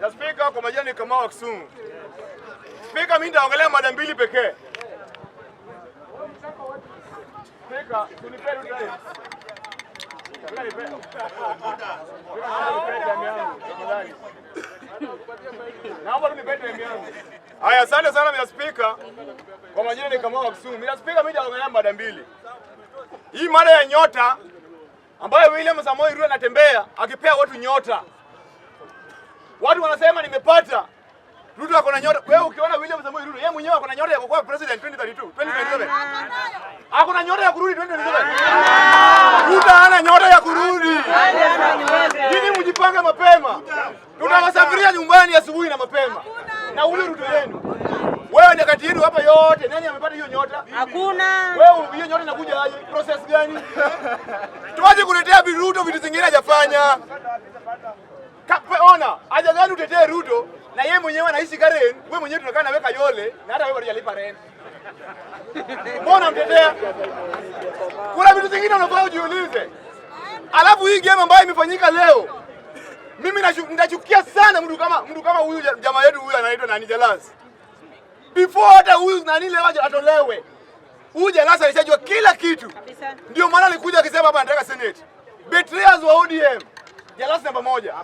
na spika, kwa majina ni wa Kisumu. Spika, mimi nitaongelea mada mbili pekee. Spika, tunipeni Haya, asante sana mia spika. Kwa majina ni kama wa Kisumu. Mia spika, mimi nitaongelea mada mbili. Hii mada ya nyota ambayo William Samoei Ruto anatembea akipea watu nyota Watu wanasema nimepata. Ruto ako na nyota. Wewe ukiona William Samoei Ruto, yeye mwenyewe ako na nyota ya kuwa president 2032, 2027. Ah. Ako na nyota ya kurudi 2027. Ah. Ruto ana nyota ya kurudi. Nyinyi mjipange mapema. Tutawasafiria nyumbani asubuhi na mapema. Na huyo Ruto yenu. Wewe ni kati yenu hapa yote nani amepata hiyo nyota? Hakuna. Wewe hiyo nyota inakuja aje? Process gani? Tuache kuletea Ruto vitu zingine hajafanya. Acha gani utetee Ruto na yeye mwenyewe anaishi Karen, wewe mwenyewe tunakaa na weka yole na hata wewe unalipa rent. Mbona mtetea? Kuna vitu vingine unafaa ujiulize. Alafu hii game ambayo imefanyika leo, mimi nitachukia sana mtu kama mtu kama huyu jamaa yetu huyu anaitwa nani Jalas. Before hata huyu nani leo atolewe. Huyu Jalas alishajua kila kitu. Ndio maana alikuja akisema hapa anataka Senate. Betrayers wa ODM jalasi namba moja.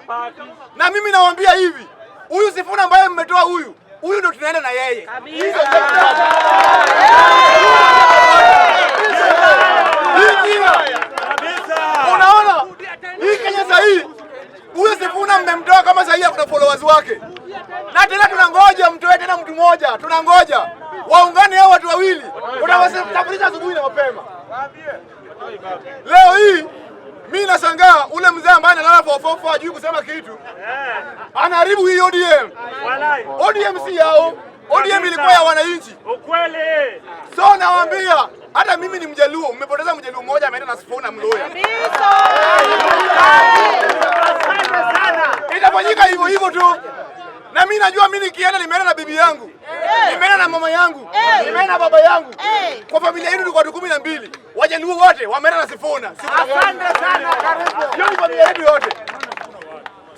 Na mimi nawaambia hivi, huyu Sifuna ambaye mmetoa huyu huyu ndo tunaenda na yeye Unaona hii Kenya sahii, huyu Sifuna mmemtoa kama sahii akuna followers wake, na tena tunangoja mtoe tena mtu mmoja, tunangoja waungane hao watu wawili, utawasitambulisha asubuhi na mapema. Leo hii mi nashangaa ule mzee mfofu hajui kusema kitu, anaharibu hii ODM. ODM si yao, ODM ilikuwa ya wananchi. Ukweli. So nawaambia hata mimi ni Mjaluo, mmepoteza Mjaluo mmoja ameenda na Sifuna Mloya. Itafanyika hivyo hivyo tu. Na mimi najua mimi nikienda nimeenda na bibi yangu. Nimeenda na mama yangu. Nimeenda na baba yangu. Kwa familia yetu tulikuwa kumi na mbili. Wajaluo wote wameenda na Sifuna. Asante sana. Hiyo ni familia yetu yote.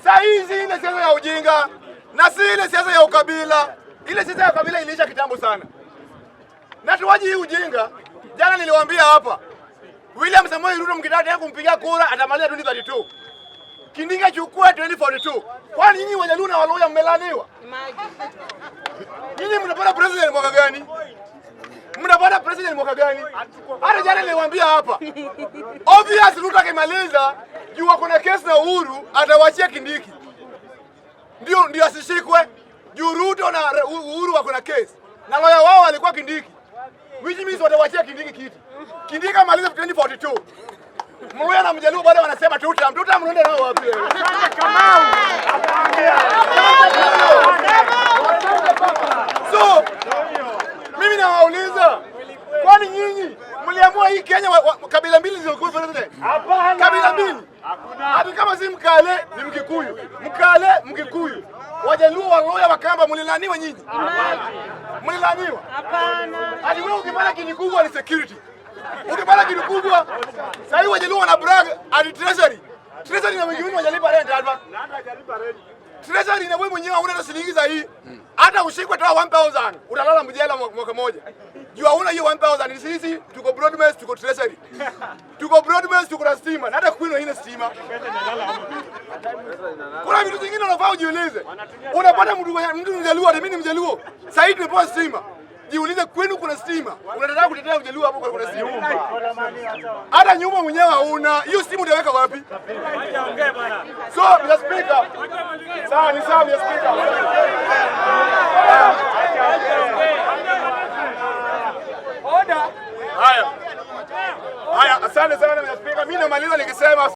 Saa hizi ile siasa ya ujinga na si ile siasa ya ukabila. Ile siasa ya ukabila iliisha kitambo sana, na tuwaji hii ujinga. Jana niliwaambia hapa, William Samoei Ruto mkitaka kumpigia kura atamaliza 2032 Kindinga chukua 2042. Kwani nyinyi Wajaluo na waloya mmelaniwa? Nyinyi mnapata president mwaka gani? Unapata president mwaka gani? Hata jana niliwaambia hapa. Obvious Ruto akimaliza juu kuna kesi na Uhuru atawachia Kindiki. Ndio ndio asishikwe. Juu Ruto na Uhuru wako na kesi. Na lawyer wao alikuwa Kindiki. Which means watawachia Kindiki kitu. Kindiki amaliza 2042. Mluya na Mjaluo bado wanasema tutam tutam, ndio nao wapi? Kamau. Kwani nyinyi mliamua hii Kenya kabila mbili zilikuwa zote? Hapana. Kabila mbili. Hakuna. Hadi kama si Mkale ni Mkikuyu. Mkale Mkikuyu. Wajaluo wa Loya Wakamba mlilaniwa nyinyi? Mlilaniwa? Hapana. Hadi wewe ukipata kinikubwa ni security. Ukipata kinikubwa sasa hivi wajaluo wana brag at treasury. Treasury na wengine wajalipa rent hapa. Nani ajalipa rent? Treasury na wewe mwenyewe hauna hata shilingi za hii. Hata ushikwe hata 1000 utalala mjela mwaka mmoja. Jua una hiyo 1000 sisi tuko Broadmeads tuko Treasury. Tuko Broadmeads tuko na stima na hata kwino haina stima. Kuna vitu vingine unafaa ujiulize. Unapata mtu mtu mjaluo, mimi ni mjaluo. Sasa hivi stima jiulize, kwenu kuna stima, unataka kutetea ujaluo hapo kuna stima, hata nyumba mwenyewe hauna. Hiyo stima utaweka wapi? bwana. So Mr. Speaker, sawa ni sawa Mr. Speaker. Haya haya, asante sana Mr. Speaker, mimi namaliza nikisema